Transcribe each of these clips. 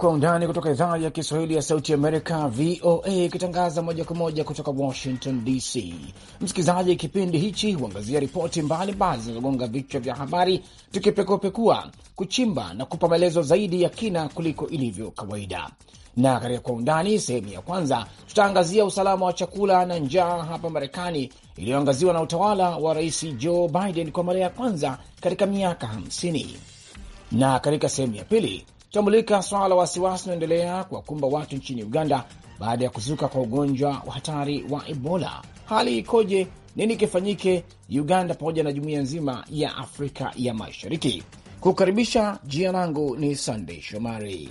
Kwa Undani kutoka idhaa ya Kiswahili ya Sauti Amerika, VOA, ikitangaza moja kwa moja kutoka Washington DC. Msikilizaji, kipindi hichi huangazia ripoti mbalimbali zinazogonga vichwa vya habari, tukipekuapekua, kuchimba na kupa maelezo zaidi ya kina kuliko ilivyo kawaida. Na katika Kwa Undani sehemu ya kwanza, tutaangazia usalama wa chakula na njaa hapa Marekani, iliyoangaziwa na utawala wa Rais Joe Biden kwa mara ya kwanza katika miaka 50 na katika sehemu ya pili tutamulika swala la wasiwasi unaendelea kuwakumba watu nchini Uganda baada ya kuzuka kwa ugonjwa wa hatari wa Ebola. Hali ikoje? Nini kifanyike Uganda pamoja na jumuiya nzima ya Afrika ya Mashariki? Kukaribisha, jina langu ni Sandey Shomari.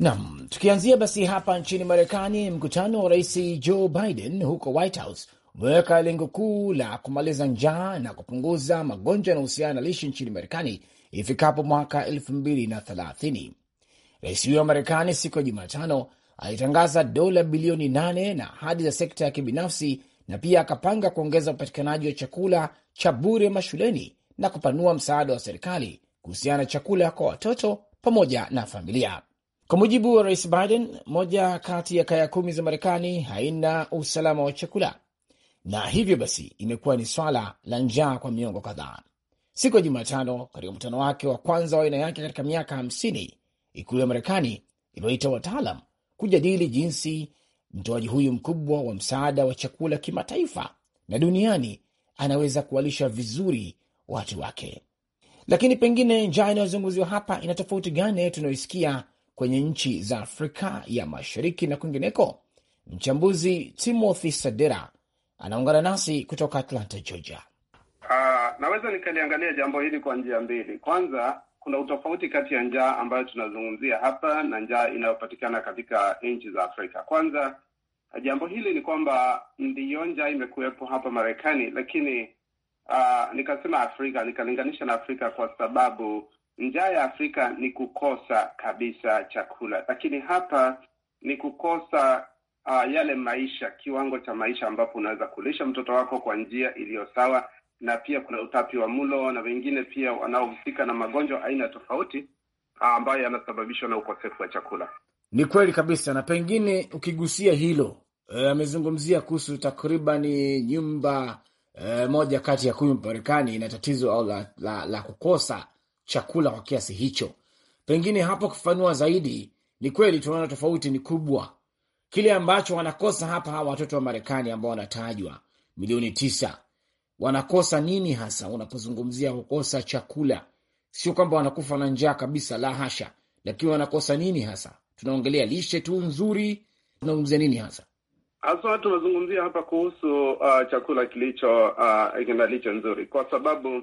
Nam, tukianzia basi hapa nchini Marekani, mkutano wa rais Joe Biden huko White House umeweka lengo kuu la kumaliza njaa na kupunguza magonjwa yanahusiana na lishe nchini Marekani ifikapo mwaka elfu mbili na thelathini. Rais huyo wa Marekani siku ya Jumatano alitangaza dola bilioni nane na ahadi za sekta ya kibinafsi na pia akapanga kuongeza upatikanaji wa chakula cha bure mashuleni na kupanua msaada wa serikali kuhusiana na chakula kwa watoto pamoja na familia. Kwa mujibu wa rais Biden, moja kati ya kaya kumi za Marekani haina usalama wa chakula na hivyo basi imekuwa ni swala la njaa kwa miongo kadhaa. Siku ya Jumatano, katika mkutano wake wa kwanza wa aina yake katika miaka hamsini, ikulu ya Marekani iliyoita wataalam kujadili jinsi mtoaji huyu mkubwa wa msaada wa chakula kimataifa na duniani anaweza kuwalisha vizuri watu wake. Lakini pengine njaa inayozungumziwa hapa ina tofauti gani tunayoisikia kwenye nchi za Afrika ya Mashariki na kwingineko? Mchambuzi Timothy Sadera anaungana nasi kutoka Atlanta, Georgia. Uh, naweza nikaliangalia jambo hili kwa njia mbili. Kwanza, kuna utofauti kati ya njaa ambayo tunazungumzia hapa na njaa inayopatikana katika nchi za Afrika. Kwanza, jambo hili ni kwamba ndiyo njaa imekuwepo hapa Marekani, lakini uh, nikasema Afrika, nikalinganisha na Afrika kwa sababu njaa ya Afrika ni kukosa kabisa chakula, lakini hapa ni kukosa uh, yale maisha, kiwango cha maisha ambapo unaweza kulisha mtoto wako kwa njia iliyo sawa, na pia kuna utapi wa mlo na wengine pia wanaohusika na magonjwa aina tofauti uh, ambayo yanasababishwa na ukosefu wa chakula. Ni kweli kabisa, na pengine ukigusia hilo eh, amezungumzia kuhusu takriban nyumba e, moja kati ya kumi Marekani ina tatizo au la, la, la kukosa chakula kwa kiasi hicho. Pengine hapo kufanua zaidi, ni kweli tunaona tofauti ni kubwa Kile ambacho wanakosa hapa hawa watoto wa Marekani ambao wanatajwa milioni tisa wanakosa nini hasa? Unapozungumzia kukosa chakula, sio kwamba wanakufa na njaa kabisa, la hasha, lakini wanakosa nini hasa? Tunaongelea lishe tu nzuri, tunazungumzia nini hasa? Haswa tunazungumzia hapa kuhusu uh, chakula kilicho uh, na lishe nzuri, kwa sababu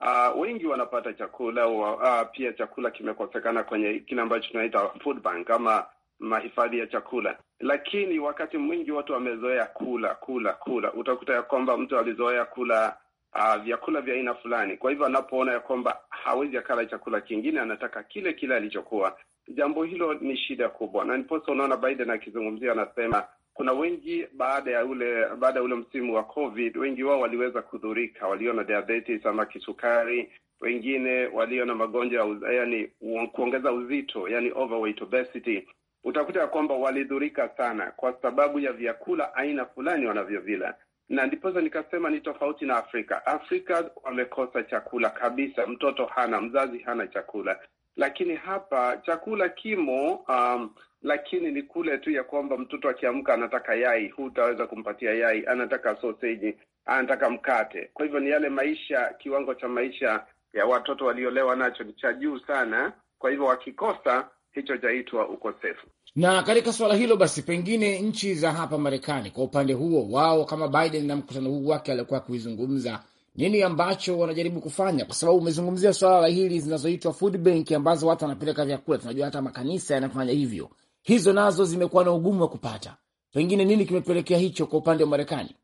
uh, wengi wanapata chakula uh, pia chakula kimekosekana kwenye kile ambacho tunaita food bank ama mahifadhi ya chakula. Lakini wakati mwingi watu wamezoea kula kula kula, utakuta ya kwamba mtu alizoea kula Uh, vyakula vya aina fulani. Kwa hivyo anapoona ya kwamba hawezi akala chakula kingine, anataka kile kile alichokuwa. Jambo hilo ni shida kubwa, na niposa, unaona Biden akizungumzia, anasema kuna wengi baada ya ule baada ya ule msimu wa COVID, wengi wao waliweza kudhurika, walio na diabetes ama kisukari, wengine walio na magonjwa yani kuongeza uzito, yani overweight obesity utakuta ya kwamba walidhurika sana kwa sababu ya vyakula aina fulani wanavyovila, na ndiposa nikasema ni tofauti na Afrika. Afrika wamekosa chakula kabisa, mtoto hana, mzazi hana chakula, lakini hapa chakula kimo, um, lakini ni kule tu ya kwamba mtoto akiamka anataka yai, hutaweza kumpatia yai, anataka soseji, anataka mkate. Kwa hivyo ni yale maisha, kiwango cha maisha ya watoto waliolewa nacho ni cha juu sana. Kwa hivyo wakikosa hicho chaitwa ukosefu. Na katika suala hilo basi, pengine nchi za hapa Marekani kwa upande huo wao, kama Biden na mkutano huu wake aliokuwa kuizungumza nini ambacho wanajaribu kufanya? Kwa sababu umezungumzia suala la hili zinazoitwa food bank ambazo watu wanapeleka vyakula, tunajua hata makanisa yanafanya hivyo, hizo nazo zimekuwa na ugumu wa kupata. Pengine nini kimepelekea hicho kwa upande wa Marekani?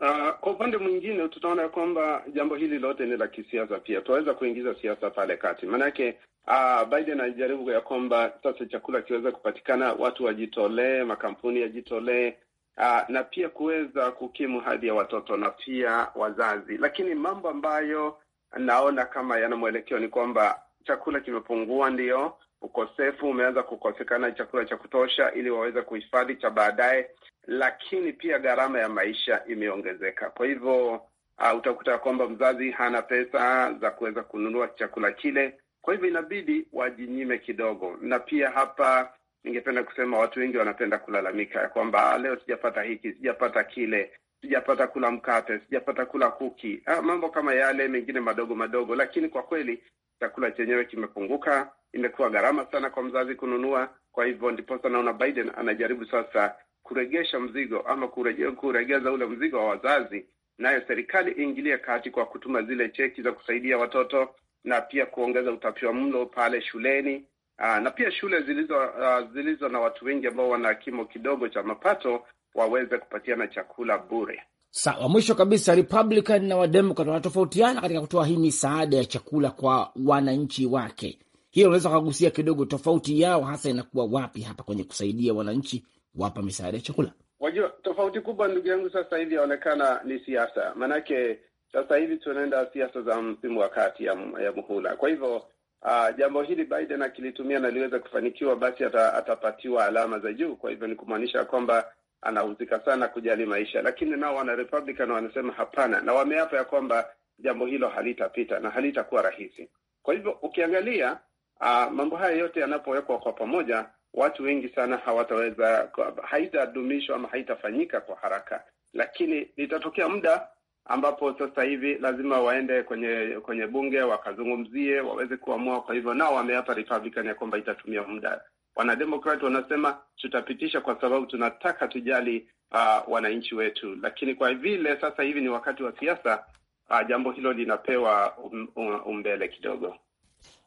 Uh, kwa upande mwingine tutaona ya kwamba jambo hili lote ni la kisiasa pia, tunaweza kuingiza siasa pale kati, maanake uh, ah, Biden anajaribu ya kwamba sasa chakula kiweze kupatikana, watu wajitolee, makampuni yajitolee, uh, na pia kuweza kukimu hadhi ya watoto na pia wazazi. Lakini mambo ambayo naona kama yana mwelekeo ni kwamba chakula kimepungua, ndiyo ukosefu umeanza kukosekana chakula cha kutosha ili waweze kuhifadhi cha baadaye, lakini pia gharama ya maisha imeongezeka. Kwa hivyo uh, utakuta kwamba mzazi hana pesa za kuweza kununua chakula kile, kwa hivyo inabidi wajinyime kidogo. Na pia hapa ningependa kusema watu wengi wanapenda kulalamika ya kwamba ah, leo sijapata hiki, sijapata kile, sijapata kula mkate, sijapata kula kuki, ha, ah, mambo kama yale mengine madogo madogo, lakini kwa kweli chakula chenyewe kimepunguka imekuwa gharama sana kwa mzazi kununua. Kwa hivyo ndiposa naona Biden anajaribu sasa kuregesha mzigo ama kurege, kuregeza ule mzigo wa wazazi, nayo serikali iingilie kati kwa kutuma zile cheki za kusaidia watoto na pia kuongeza utapia mlo pale shuleni. Aa, ah, na pia shule zilizo uh, zilizo na watu wengi ambao wana kimo kidogo cha mapato waweze kupatiana chakula bure. Sawa. Mwisho kabisa, Republican na Wademokrat wanatofautiana katika kutoa hii misaada ya chakula kwa wananchi wake hiyo unaweza kugusia kidogo, tofauti yao hasa inakuwa wapi hapa kwenye kusaidia wananchi kuwapa misaada ya chakula? Wajua, tofauti kubwa ndugu yangu sasa hivi yaonekana ni siasa, maanake sasa hivi tunaenda siasa za msimu wa kati ya, ya muhula. Kwa hivyo uh, jambo hili Biden akilitumia na liweza kufanikiwa, basi ata, atapatiwa alama za juu. Kwa hivyo ni kumaanisha kwamba anahusika sana kujali maisha, lakini nao wana Republican wanasema hapana, na wameapa ya kwamba jambo hilo halitapita na halitakuwa rahisi. Kwa hivyo ukiangalia Uh, mambo haya yote yanapowekwa kwa pamoja, watu wengi sana hawataweza, haitadumishwa ama haitafanyika kwa haraka, lakini litatokea muda ambapo sasa hivi lazima waende kwenye kwenye bunge wakazungumzie, waweze kuamua. Kwa hivyo nao wameapa Republican ya kwamba itatumia muda. Wanademokrat wanasema tutapitisha kwa sababu tunataka tujali uh, wananchi wetu, lakini kwa vile sasa hivi ni wakati wa siasa uh, jambo hilo linapewa um, um, umbele kidogo.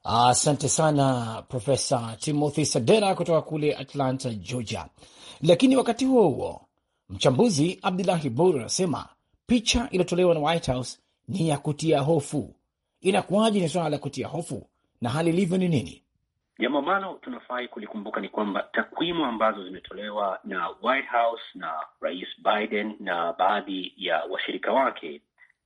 Asante sana Profesa Timothy Sadera kutoka kule Atlanta, Georgia. Lakini wakati huo huo, mchambuzi Abdulahi Bor anasema picha iliyotolewa na White House ni ya kutia hofu. Inakuwaje? Ni swala la kutia hofu, na hali ilivyo ni nini? Jambo ambalo tunafai kulikumbuka ni kwamba takwimu ambazo zimetolewa na White House na Rais Biden na baadhi ya washirika wake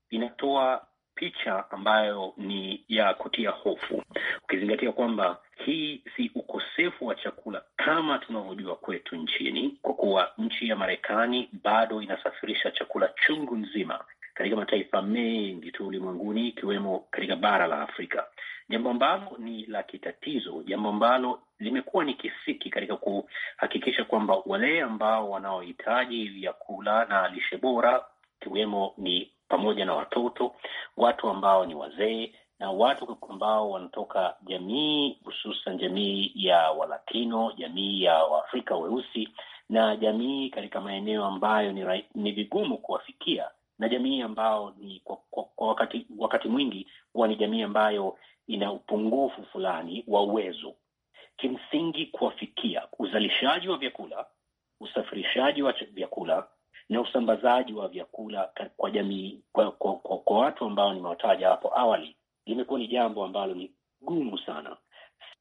inatoa picha ambayo ni ya kutia hofu, ukizingatia kwamba hii si ukosefu wa chakula kama tunavyojua kwetu nchini, kwa kuwa nchi ya Marekani bado inasafirisha chakula chungu nzima katika mataifa mengi tu ulimwenguni ikiwemo katika bara la Afrika, jambo ambalo ni la kitatizo, jambo ambalo limekuwa ni kisiki katika kuhakikisha kwamba wale ambao wanaohitaji vyakula na lishe bora ikiwemo ni pamoja na watoto, watu ambao ni wazee na watu ambao wanatoka jamii hususan jamii ya Walatino, jamii ya Waafrika weusi na jamii katika maeneo ambayo ni, ni vigumu kuwafikia na jamii ambao ni kwa, kwa, kwa wakati, wakati mwingi huwa ni jamii ambayo ina upungufu fulani wa uwezo kimsingi kuwafikia uzalishaji wa vyakula, usafirishaji wa vyakula na usambazaji wa vyakula kwa jamii kwa, kwa, kwa, kwa watu ambao nimewataja hapo awali, limekuwa ni jambo ambalo ni gumu sana,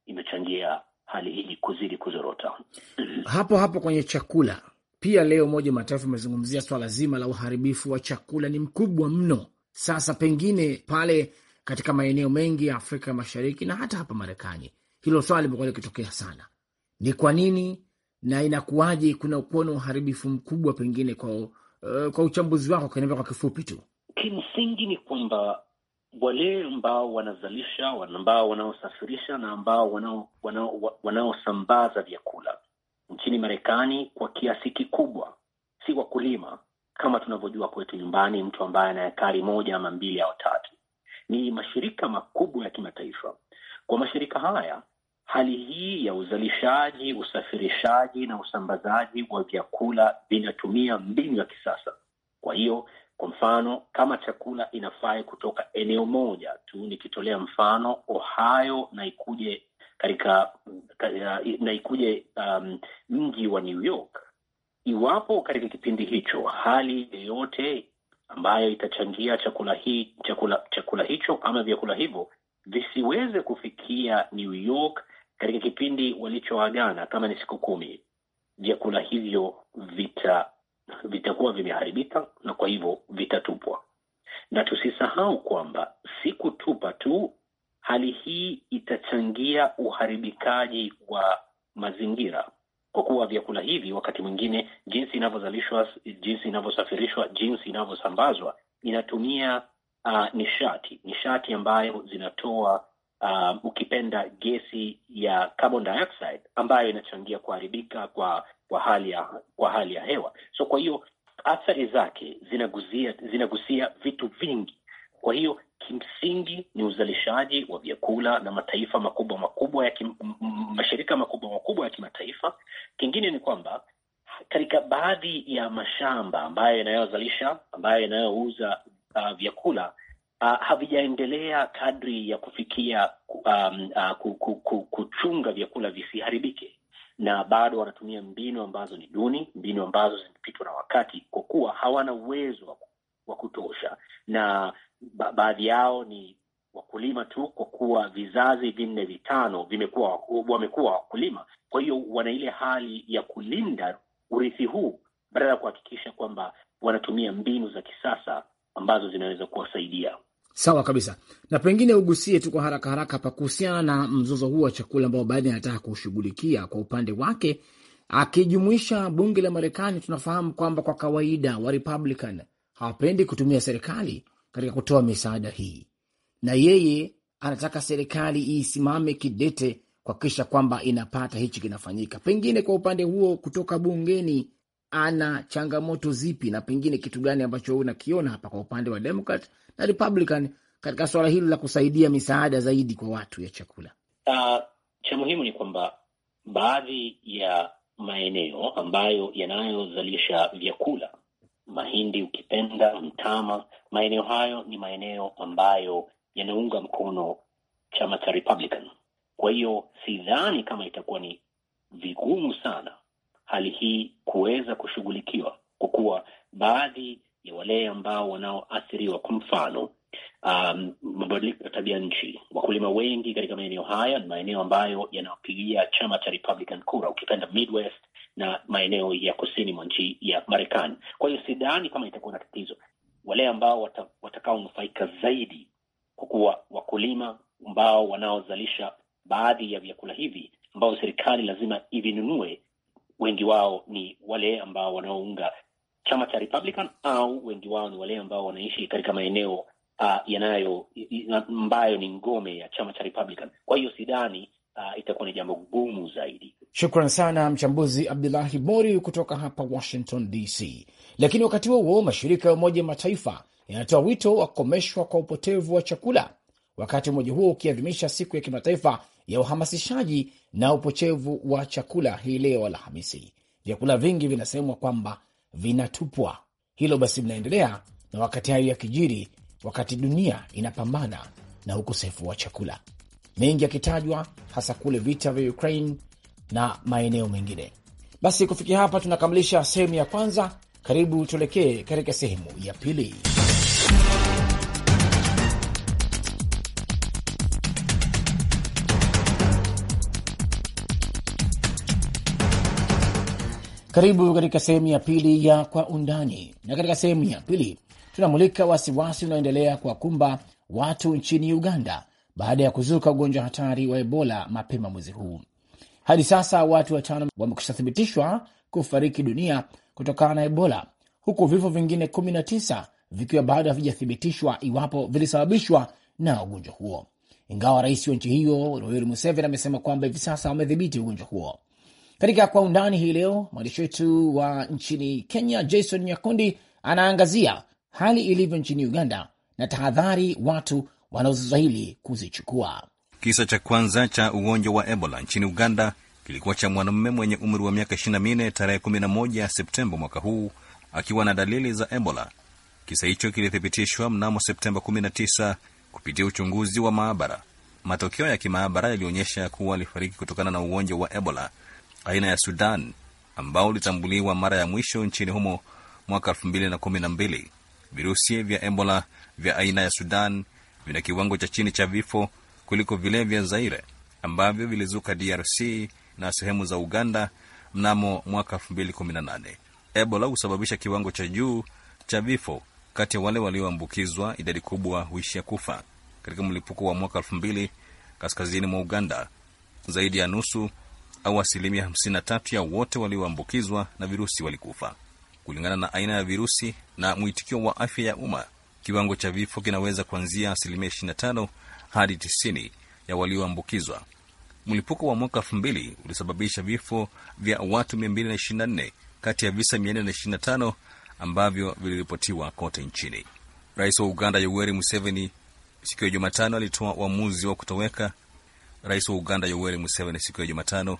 imechangia hali hii kuzidi kuzorota. Hapo hapo kwenye chakula pia, leo Umoja wa Mataifa umezungumzia swala zima la uharibifu wa chakula, ni mkubwa mno. Sasa pengine pale katika maeneo mengi ya Afrika Mashariki na hata hapa Marekani, hilo swala limekuwa likitokea sana. Ni kwa nini na inakuwaje? Kuna kuona uharibifu mkubwa pengine kwa uh, kwa uchambuzi wako, kaniambia kwa kifupi tu. Kimsingi ni kwamba wale ambao wanazalisha, ambao wanaosafirisha na ambao wanaosambaza wanao, wanao vyakula nchini Marekani kwa kiasi kikubwa si wakulima kama tunavyojua kwetu nyumbani, mtu ambaye ana ekari moja ama mbili au tatu. Ni mashirika makubwa ya kimataifa. Kwa mashirika haya Hali hii ya uzalishaji, usafirishaji na usambazaji wa vyakula vinatumia mbinu ya kisasa. Kwa hiyo, kwa mfano, kama chakula inafai kutoka eneo moja tu, nikitolea mfano Ohio na ikuje katika na ikuje um, mji wa New York, iwapo katika kipindi hicho hali yoyote ambayo itachangia chakula hi, chakula, chakula hicho ama vyakula hivyo visiweze kufikia New York katika kipindi walichoagana kama ni siku kumi, vyakula hivyo vita vitakuwa vimeharibika na kwa hivyo vitatupwa. Na tusisahau kwamba si kutupa tu, hali hii itachangia uharibikaji wa mazingira, kwa kuwa vyakula hivi wakati mwingine, jinsi inavyozalishwa, jinsi inavyosafirishwa, jinsi inavyosambazwa, inatumia uh, nishati nishati ambayo zinatoa uh, ukipenda gesi ya carbon dioxide ambayo inachangia kuharibika kwa, kwa, hali ya, kwa hali ya hewa. So kwa hiyo athari zake zinagusia, zinagusia vitu vingi. Kwa hiyo kimsingi ni uzalishaji wa vyakula na mataifa makubwa makubwa ya kim, mashirika makubwa makubwa ya kimataifa. Kingine ni kwamba katika baadhi ya mashamba ambayo yanayozalisha ambayo yanayouza uh, vyakula uh, havijaendelea kadri ya kufikia um, uh, kuchunga vyakula visiharibike, na bado wanatumia mbinu ambazo ni duni, mbinu ambazo zimepitwa na wakati, kwa kuwa hawana uwezo wa kutosha, na ba baadhi yao ni wakulima tu, kwa kuwa vizazi vinne vitano vimekuwa wamekuwa wakulima. Kwa hiyo wana ile hali ya kulinda urithi huu badala ya kuhakikisha kwamba wanatumia mbinu za kisasa ambazo zinaweza kuwasaidia. Sawa kabisa, na pengine ugusie tu kwa haraka haraka pakuhusiana na mzozo huu wa chakula ambao baadhi anataka kuushughulikia kwa upande wake, akijumuisha bunge la Marekani. Tunafahamu kwamba kwa kawaida wa Republican hawapendi kutumia serikali katika kutoa misaada hii, na yeye anataka serikali isimame kidete kuhakikisha kwamba inapata hichi kinafanyika. Pengine kwa upande huo kutoka bungeni ana changamoto zipi na pengine kitu gani ambacho unakiona hapa kwa upande wa Democrat na Republican katika suala hili la kusaidia misaada zaidi kwa watu ya chakula? Uh, cha muhimu ni kwamba baadhi ya maeneo ambayo yanayozalisha vyakula, mahindi ukipenda, mtama, maeneo hayo ni maeneo ambayo yanaunga mkono chama cha Republican. Kwa hiyo sidhani kama itakuwa ni vigumu sana hali hii kuweza kushughulikiwa, kwa kuwa baadhi ya wale ambao wanaoathiriwa, kwa mfano um, mabadiliko ya tabia nchi. Wakulima wengi katika maeneo haya ni maeneo ambayo yanaopigia chama cha Republican kura, ukipenda Midwest na maeneo ya kusini mwa nchi ya Marekani. Kwa hiyo sidhani kama itakuwa na tatizo. Wale ambao wata, watakaonufaika zaidi, kwa kuwa wakulima ambao wanaozalisha baadhi ya vyakula hivi ambao serikali lazima ivinunue wengi wao ni wale ambao wanaounga chama cha Republican au wengi wao ni wale ambao wanaishi katika maeneo uh, yanayo ambayo ni ngome ya chama cha Republican. Kwa hiyo sidhani uh, itakuwa ni jambo gumu zaidi. Shukran sana mchambuzi Abdullahi Mori kutoka hapa Washington DC. Lakini wakati huo huo, mashirika ya Umoja Mataifa yanatoa wito wa kukomeshwa kwa upotevu wa chakula, wakati umoja huo ukiadhimisha siku ya kimataifa ya uhamasishaji na upochevu wa chakula hii leo Alhamisi. Vyakula vingi vinasemwa kwamba vinatupwa. Hilo basi linaendelea na wakati hayo ya kijiri, wakati dunia inapambana na ukosefu wa chakula, mengi yakitajwa hasa kule vita vya Ukraine na maeneo mengine. Basi kufikia hapa tunakamilisha sehemu ya kwanza. Karibu tuelekee katika sehemu ya pili. Karibu katika sehemu ya pili ya Kwa Undani, na katika sehemu ya pili tunamulika wasiwasi unaoendelea kuwakumba watu nchini Uganda baada ya kuzuka ugonjwa hatari wa Ebola mapema mwezi huu. Hadi sasa watu watano wamekushathibitishwa kufariki dunia kutokana na Ebola, huku vifo vingine 19 vikiwa bado havijathibitishwa iwapo vilisababishwa na ugonjwa huo, ingawa rais wa nchi hiyo Yoweri Museveni amesema kwamba hivi sasa wamedhibiti ugonjwa huo. Katika kwa undani hii leo, mwandishi wetu wa nchini Kenya Jason Nyakundi anaangazia hali ilivyo nchini Uganda na tahadhari watu wanaostahili kuzichukua. Kisa cha kwanza cha ugonjwa wa Ebola nchini Uganda kilikuwa cha mwanamume mwenye umri wa miaka 24 tarehe 11 Septemba mwaka huu akiwa na dalili za Ebola. Kisa hicho kilithibitishwa mnamo Septemba 19 kupitia uchunguzi wa maabara. Matokeo ya kimaabara yalionyesha kuwa alifariki kutokana na ugonjwa wa Ebola aina ya Sudan ambao ulitambuliwa mara ya mwisho nchini humo mwaka elfu mbili na kumi na mbili. Virusi vya Ebola vya aina ya Sudan vina kiwango cha chini cha vifo kuliko vile vya Zaire ambavyo vilizuka DRC na sehemu za Uganda mnamo mwaka 218 Ebola husababisha kiwango cha juu cha vifo. Kati ya wale walioambukizwa, idadi kubwa huishia kufa. Katika mlipuko wa mwaka 2 kaskazini mwa Uganda, zaidi ya nusu au asilimia 53 ya wote walioambukizwa na virusi walikufa, kulingana na aina ya virusi na mwitikio wa afya ya umma. Kiwango cha vifo kinaweza kuanzia asilimia 25 hadi 90 ya walioambukizwa. Mlipuko wa mwaka 2000 ulisababisha vifo vya watu 224 kati ya visa 425 ambavyo viliripotiwa kote nchini. Rais wa Uganda Yoweri Museveni siku ya Jumatano alitoa uamuzi wa kutoweka. Rais wa Uganda Yoweri Museveni siku ya Jumatano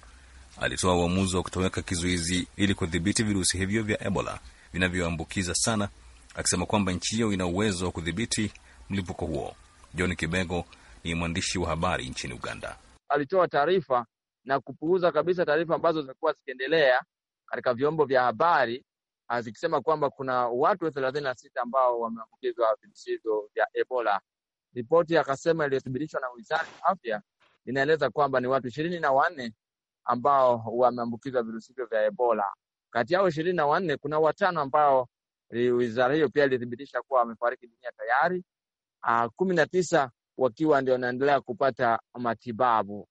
alitoa uamuzi wa kutoweka kizuizi ili kudhibiti virusi hivyo vya Ebola vinavyoambukiza sana, akisema kwamba nchi hiyo ina uwezo wa kudhibiti mlipuko huo. John Kibego ni mwandishi wa habari nchini Uganda. Alitoa taarifa na kupuuza kabisa taarifa ambazo zimekuwa zikiendelea katika vyombo vya habari ah, zikisema kwamba kuna watu thelathini na sita ambao wameambukizwa virusi hivyo vya Ebola. Ripoti akasema iliyothibitishwa na wizara ya afya inaeleza kwamba ni watu ishirini na wanne ambao wameambukizwa virusi hivyo vya Ebola. Kati yao ishirini na wanne kuna watano ambao wizara hiyo pia ilithibitisha kuwa wamefariki dunia tayari, ah, kumi na tisa wakiwa ndio wanaendelea kupata matibabu.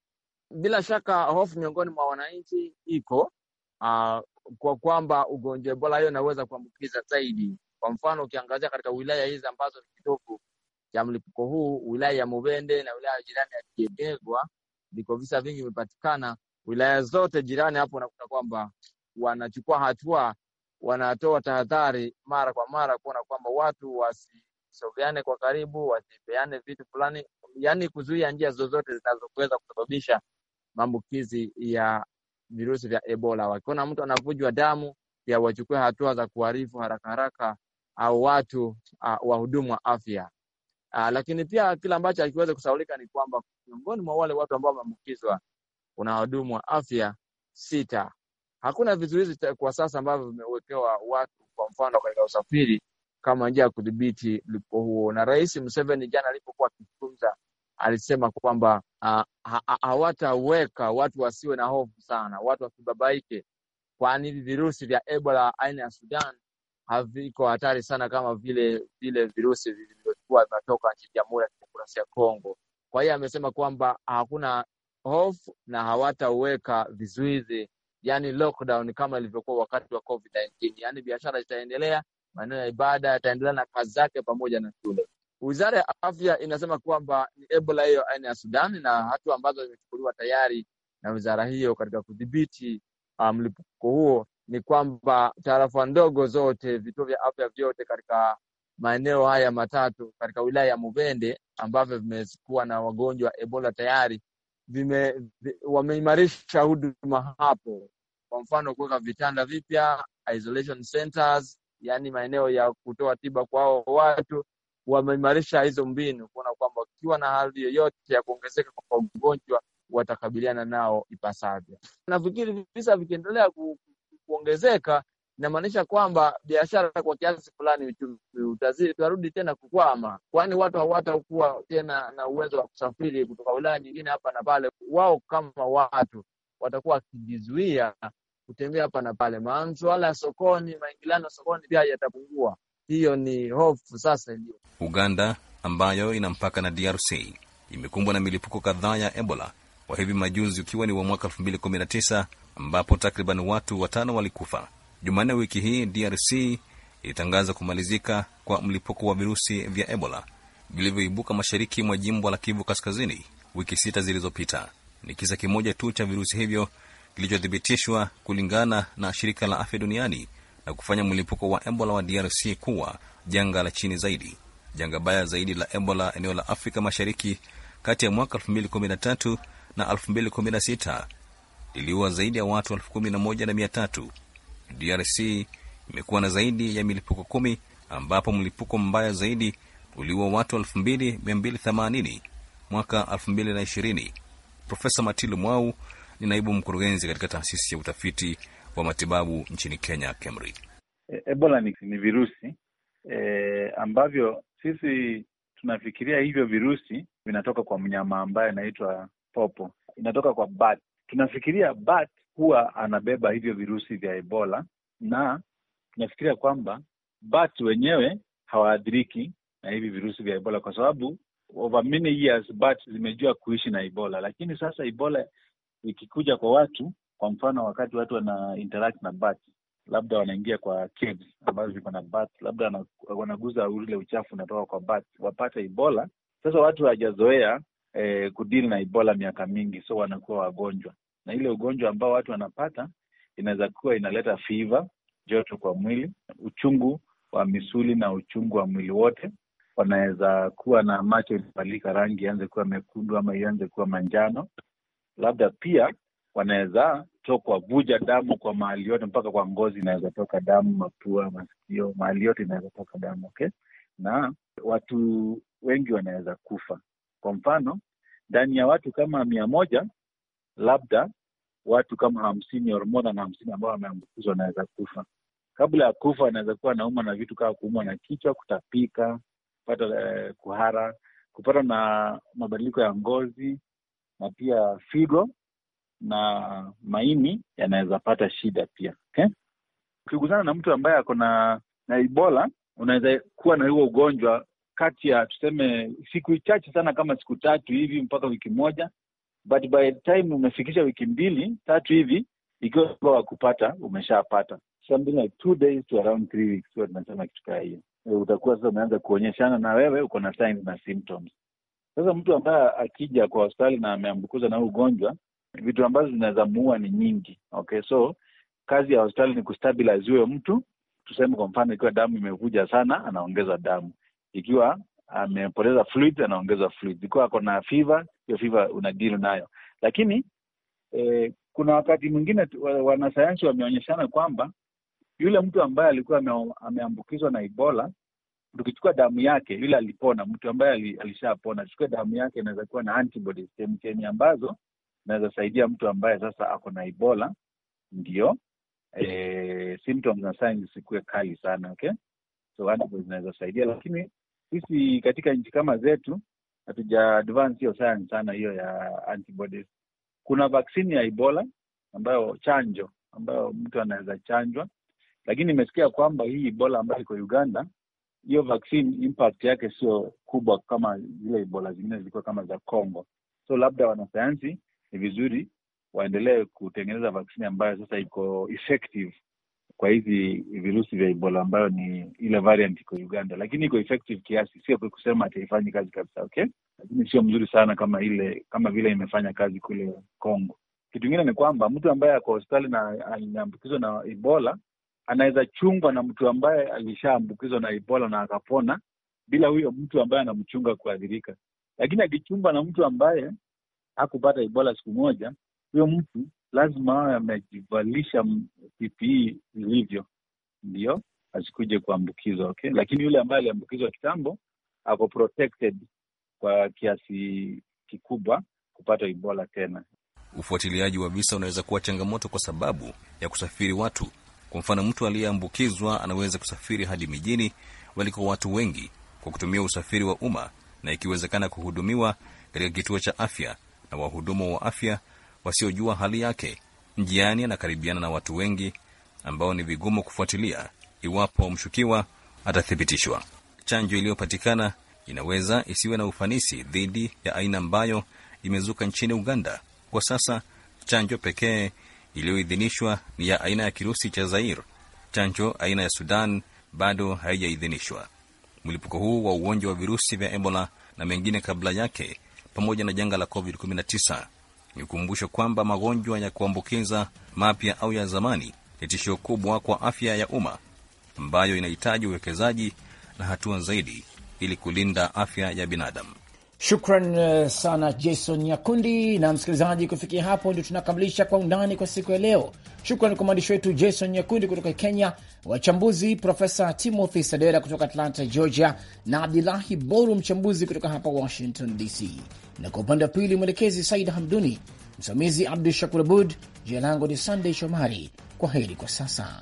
Bila shaka hofu miongoni mwa wananchi iko aa, ah, kwa kwamba ugonjwa wa Ebola hiyo inaweza kuambukiza zaidi. Kwa mfano ukiangazia katika wilaya hizi ambazo ni kidogo cha mlipuko huu, wilaya ya Mubende na wilaya jirani ya Kiegegwa, viko visa vingi vimepatikana wilaya zote jirani hapo, unakuta kwamba wanachukua hatua, wanatoa tahadhari mara kwa mara kuona kwamba watu wasisogeane kwa karibu, wasipeane vitu fulani, yaani kuzuia njia zozote zinazoweza kusababisha maambukizi ya virusi vya Ebola. Wakiona mtu anavujwa damu, pia wachukue hatua za kuharifu haraka haraka, au watu uh, wahudumu wa afya uh, lakini pia kile ambacho akiweza kusaulika ni kwamba miongoni mwa wale watu ambao wameambukizwa kuna wahudumu wa afya sita. Hakuna vizuizi kwa sasa ambavyo vimewekewa watu, kwa mfano katika usafiri, kama njia ya kudhibiti mlipuko huo. Na Rais Museveni jana alipokuwa akizungumza alisema kwamba hawataweka ha, watu wasiwe na hofu sana, watu wasibabaike, kwani virusi vya Ebola aina ya Sudan haviko hatari sana kama vile vile virusi vilivyokuwa vinatoka nchini Jamhuri ya Kidemokrasia ya Kongo. Kwa hiyo amesema kwamba hakuna hofu na hawataweka vizuizi, yani lockdown kama ilivyokuwa wakati wa COVID 19. Yani biashara zitaendelea, maeneo ya ibada yataendelea na kazi zake pamoja na shule. Wizara ya afya inasema kwamba ni Ebola hiyo aina ya Sudani na hatua ambazo zimechukuliwa tayari na wizara hiyo katika kudhibiti ah, mlipuko um, huo ni kwamba taarifa ndogo zote, vituo vya afya vyote katika maeneo haya matatu katika wilaya ya Mubende ambavyo vimekuwa na wagonjwa wa Ebola tayari vime, wameimarisha huduma hapo, kwa mfano kuweka vitanda vipya, isolation centers, yaani maeneo ya kutoa tiba kwao watu. Wameimarisha hizo mbinu kuona kwamba wakiwa na hali yoyote ya kuongezeka kwa ugonjwa watakabiliana nao ipasavyo. Nafikiri visa vikiendelea ku, kuongezeka inamaanisha kwamba biashara kwa kiasi fulani uchumi utazidi utarudi tena kukwama, kwani watu hawatakuwa tena na uwezo wa kusafiri kutoka wilaya nyingine hapa na pale. Wao kama watu watakuwa wakijizuia kutembea hapa na pale, masuala ya sokoni, maingiliano sokoni pia yatapungua. Hiyo ni hofu sasa iliyo. Uganda ambayo ina mpaka na DRC imekumbwa na milipuko kadhaa ya Ebola wa hivi majuzi ukiwa ni wa mwaka elfu ambapo takriban watu watano walikufa. Jumanne wiki hii DRC ilitangaza kumalizika kwa mlipuko wa virusi vya Ebola vilivyoibuka mashariki mwa jimbo la Kivu Kaskazini wiki sita zilizopita. Ni kisa kimoja tu cha virusi hivyo kilichothibitishwa kulingana na shirika la afya duniani na kufanya mlipuko wa Ebola wa DRC kuwa janga la chini zaidi. Janga baya zaidi la Ebola eneo la Afrika Mashariki kati ya mwaka 2013 na 2016 liliua zaidi ya watu DRC imekuwa na zaidi ya milipuko kumi ambapo mlipuko mbaya zaidi uliua watu 2280 mwaka 2020. Profesa Matilu Mwau ni naibu mkurugenzi katika taasisi ya utafiti wa matibabu nchini Kenya, KEMRI. Ebola e, ni, ni virusi e, ambavyo sisi tunafikiria hivyo virusi vinatoka kwa mnyama ambaye anaitwa popo, inatoka kwa bat. Tunafikiria bat huwa anabeba hivyo virusi vya Ebola, na tunafikiria kwamba bat wenyewe hawaadhiriki na hivi virusi vya Ebola kwa sababu over many years bat zimejua kuishi na Ebola, lakini sasa Ebola ikikuja kwa watu, kwa mfano wakati watu wana interact na bat, labda wanaingia kwa caves ambazo ziko na bat, labda wanaguza ule uchafu unatoka kwa bat, wapate Ebola. Sasa watu hawajazoea eh, kudili na Ebola miaka mingi, so wanakuwa wagonjwa na ile ugonjwa ambao watu wanapata inaweza kuwa inaleta fiva, joto kwa mwili, uchungu wa misuli na uchungu wa mwili wote. Wanaweza kuwa na macho ilibadilika rangi, ianze kuwa mekundu ama ianze kuwa manjano. Labda pia wanaweza tokwa vuja damu kwa mahali yote, mpaka kwa ngozi inaweza toka damu, mapua, masikio, mahali yote inaweza toka damu okay? na watu wengi wanaweza kufa. Kwa mfano, ndani ya watu kama mia moja labda watu kama hamsini au more than hamsini ambao wameambukizwa wanaweza kufa. Kabla ya kufa, anaweza kuwa anauma na vitu kama kuumwa na kichwa, kutapika, kupata eh, kuhara, kupata na mabadiliko ya ngozi na pia figo na maini yanaweza pata shida pia okay? Ukiguzana na mtu ambaye ako na na Ebola unaweza kuwa na huo ugonjwa kati ya tuseme siku chache sana kama siku tatu hivi mpaka wiki moja, but by the time umefikisha wiki mbili tatu hivi, ikiwa wa kupata umeshapata something like two days to around three weeks, huwa tunasema kitu kaa hiyo. Eh, utakuwa sasa umeanza kuonyeshana na wewe uko na signs na symptoms. Sasa mtu ambaye akija kwa hospitali na ameambukiza na ugonjwa, vitu ambazo zinaweza muua ni nyingi. Okay, so kazi ya hospitali ni kustabilize huyo mtu. Tuseme kwa mfano, ikiwa damu imevuja sana, anaongeza damu. Ikiwa amepoteza fluid, anaongeza fluid. Ikiwa ako na fever, hiyo fever una deal nayo, lakini eh, kuna wakati mwingine wanasayansi wameonyeshana kwamba yule mtu ambaye alikuwa ameambukizwa na Ebola, tukichukua damu yake, yule alipona, mtu ambaye alishapona, tuchukue damu yake, inaweza kuwa na antibodies, chemchemi ambazo inaweza saidia mtu ambaye sasa ako na Ebola ndio e, symptoms na signs zisikuwe kali sana okay? So antibodies zinaweza saidia, lakini sisi katika nchi kama zetu hatuja advance hiyo science sana hiyo ya antibodies. Kuna vaksini ya Ebola ambayo chanjo ambayo mtu anaweza chanjwa, lakini nimesikia kwamba hii Ebola ambayo iko Uganda, hiyo vaccine impact yake sio kubwa kama zile Ebola zingine zilikuwa kama za Congo. So labda wanasayansi ni vizuri waendelee kutengeneza vaksini ambayo sasa iko effective kwa hizi virusi vya Ebola ambayo ni ile variant iko Uganda, lakini iko effective kiasi, sio kusema ataifanyi kazi kabisa, okay, lakini sio mzuri sana kama ile kama vile imefanya kazi kule Congo. Kitu ingine ni kwamba mtu ambaye ako hospitali na aliambukizwa na Ebola anaweza chungwa na mtu ambaye alishaambukizwa na Ebola na akapona bila huyo mtu ambaye anamchunga kuadhirika, lakini akichungwa na mtu ambaye hakupata Ebola siku moja, huyo mtu lazima awe amejivalisha PPE vilivyo, ndio asikuje kuambukizwa. Okay, lakini yule ambaye aliambukizwa kitambo ako protected kwa kiasi kikubwa kupata ibola tena. Ufuatiliaji wa visa unaweza kuwa changamoto kwa sababu ya kusafiri watu. Kwa mfano, mtu aliyeambukizwa anaweza kusafiri hadi mijini waliko watu wengi kwa kutumia usafiri wa umma na ikiwezekana kuhudumiwa katika kituo cha afya na wahudumu wa afya wasiojua hali yake. Njiani anakaribiana na watu wengi ambao ni vigumu kufuatilia iwapo mshukiwa atathibitishwa. Chanjo iliyopatikana inaweza isiwe na ufanisi dhidi ya aina ambayo imezuka nchini Uganda. Kwa sasa chanjo pekee iliyoidhinishwa ni ya aina ya kirusi cha Zair. Chanjo aina ya Sudan bado haijaidhinishwa. Mlipuko huu wa ugonjwa wa virusi vya Ebola na mengine kabla yake, pamoja na janga la COVID-19 kukumbusha kwamba magonjwa ya kuambukiza mapya au ya zamani ni tishio kubwa kwa afya ya umma ambayo inahitaji uwekezaji na hatua zaidi ili kulinda afya ya binadamu. Shukran eh, sana Jason Nyakundi. Na msikilizaji, kufikia hapo ndio tunakamilisha Kwa Undani kwa siku ya leo. Shukran kwa mwandishi wetu Jason Nyakundi kutoka Kenya, wachambuzi Profesa Timothy Sadera kutoka Atlanta, Georgia, na Abdulahi Boru, mchambuzi kutoka hapa Washington DC, na kwa upande wa pili mwelekezi Said Hamduni, msimamizi Abdu Shakur Abud. Jina langu ni Sandey Shomari. Kwa heri kwa sasa.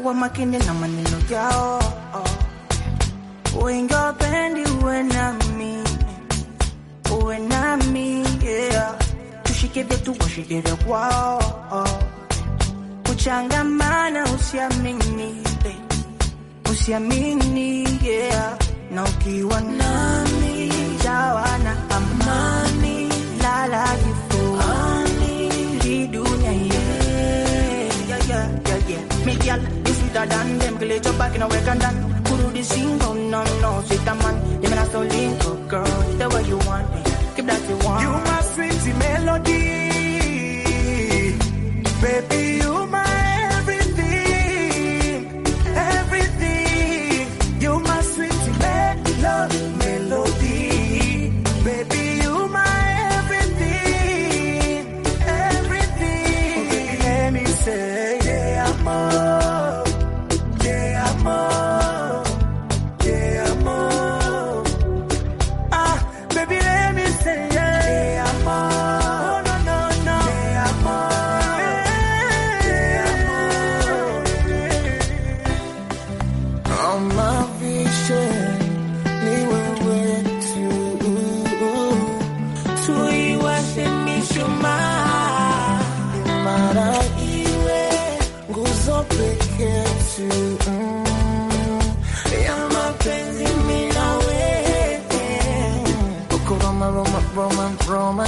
kuwa makini na maneno yao. wengi wapendi. Uwe nami, uwe nami, yeah. Tushike vyetu washike vya kwao. Kuchangamana usiamini, usiamini, yeah. Na ukiwa nami tawa na amani, lala kifo hii dunia, yeah, yeah, yeah, yeah. sweeter than them. Glitch your back in a way and done. Guru the single, oh, no, no, sweeter man. You me I so link, oh girl, the way you want me. Keep that you want. You my sweet melody, baby.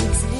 Thanks.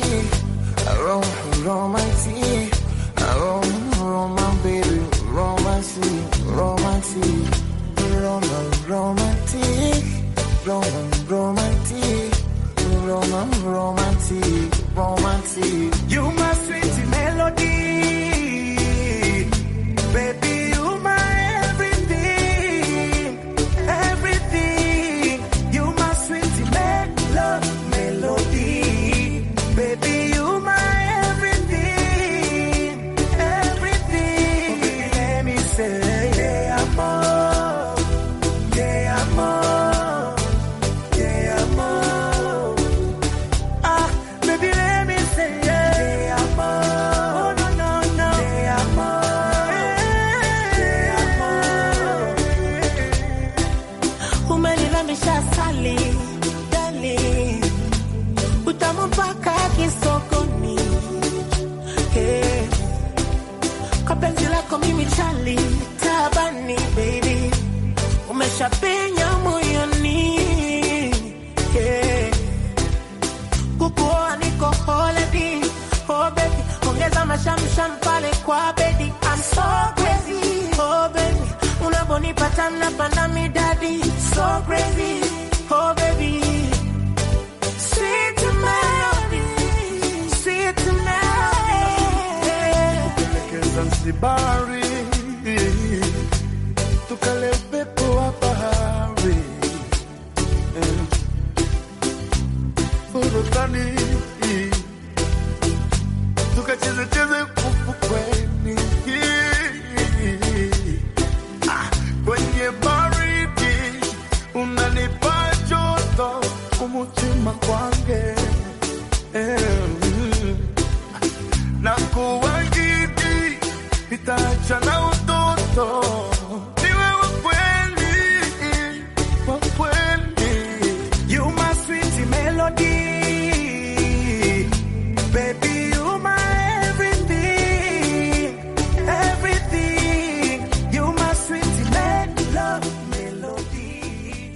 Barry.